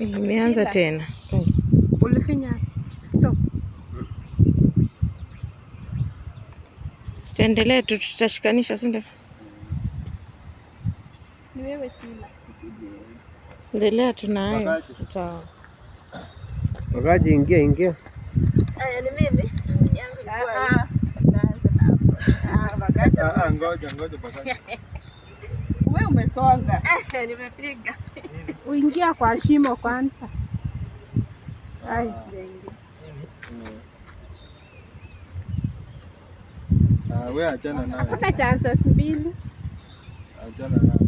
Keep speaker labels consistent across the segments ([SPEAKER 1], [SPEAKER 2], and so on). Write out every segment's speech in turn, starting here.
[SPEAKER 1] Imeanza tena.
[SPEAKER 2] Ulifinya stop.
[SPEAKER 1] Tuendelee tu, tutashikanisha, si ndio?
[SPEAKER 2] Ni wewe Sheila.
[SPEAKER 1] Endelea tunayo.
[SPEAKER 3] Sawa.
[SPEAKER 4] Wakaji, ingia ingia.
[SPEAKER 2] Aya, ni mimi. Ah, ah,
[SPEAKER 3] ah, ngoja ngoja,
[SPEAKER 2] wewe umesonga. Nimepiga
[SPEAKER 1] uingia kwa shimo kwanza. Ai, ah.
[SPEAKER 3] Ah, achana naye.
[SPEAKER 1] Kuna chances mbili.
[SPEAKER 3] Achana naye.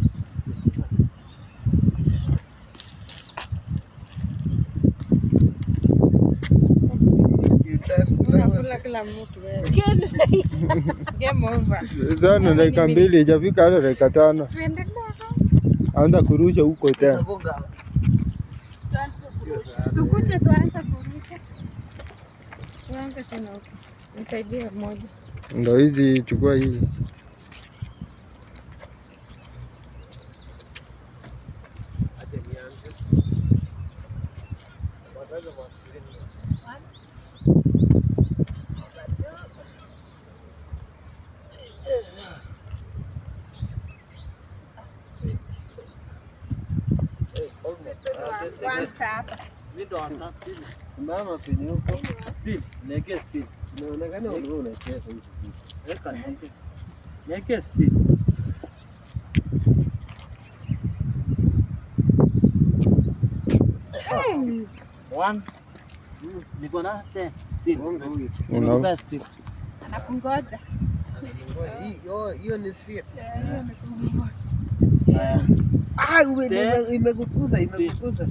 [SPEAKER 3] Sana dakika mbili haijafika hata dakika tano, anza kurusha huko tena. Ndo hizi, chukua hii
[SPEAKER 5] Simama penye huko. Still. Niweke still. Unaonekana wewe unacheza hizo vitu. Weka niweke. Niweke still.
[SPEAKER 1] Anakungoja.
[SPEAKER 5] Hiyo ni still. Eh, hiyo ni kungoja. Ah, imekukuza imekukuza.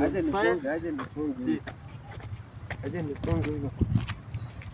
[SPEAKER 5] Aje nifunge, aje nifunge. Aje nifunge hivyo.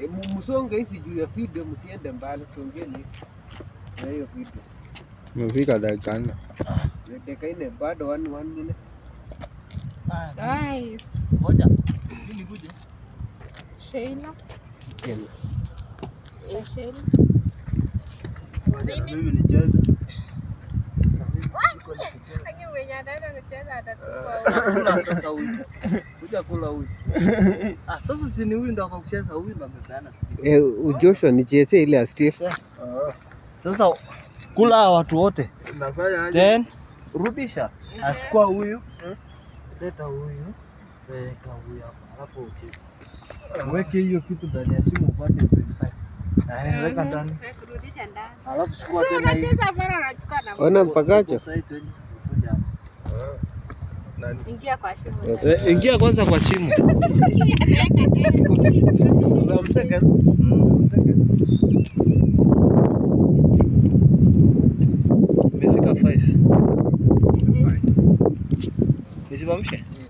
[SPEAKER 5] Hebu eh, msonge hivi juu ya video, msiende mbali, msongeni na hiyo video.
[SPEAKER 4] Tumefika dakika nne,
[SPEAKER 5] dakika nne bado, one one minute.
[SPEAKER 1] Ngoja nikuje Sheila,
[SPEAKER 4] eh,
[SPEAKER 5] mimi nicheze Eh. Sasa ah,
[SPEAKER 4] ni eh, Joshua ile ya eh.
[SPEAKER 5] Sasa kula watu wote. Then rudisha. Achukua huyu. Leta huyu. Weka huyu hapa. Alafu ucheze. Weke hiyo kitu ndani ya simu upate Weka mhm. ndani.
[SPEAKER 1] Alafu chukua tena
[SPEAKER 4] Ona mpakacho.
[SPEAKER 1] Ingia kwa shimo.
[SPEAKER 4] Eh, ingia kwanza kwa shimo.
[SPEAKER 5] 5. Nisimamishe? Mm.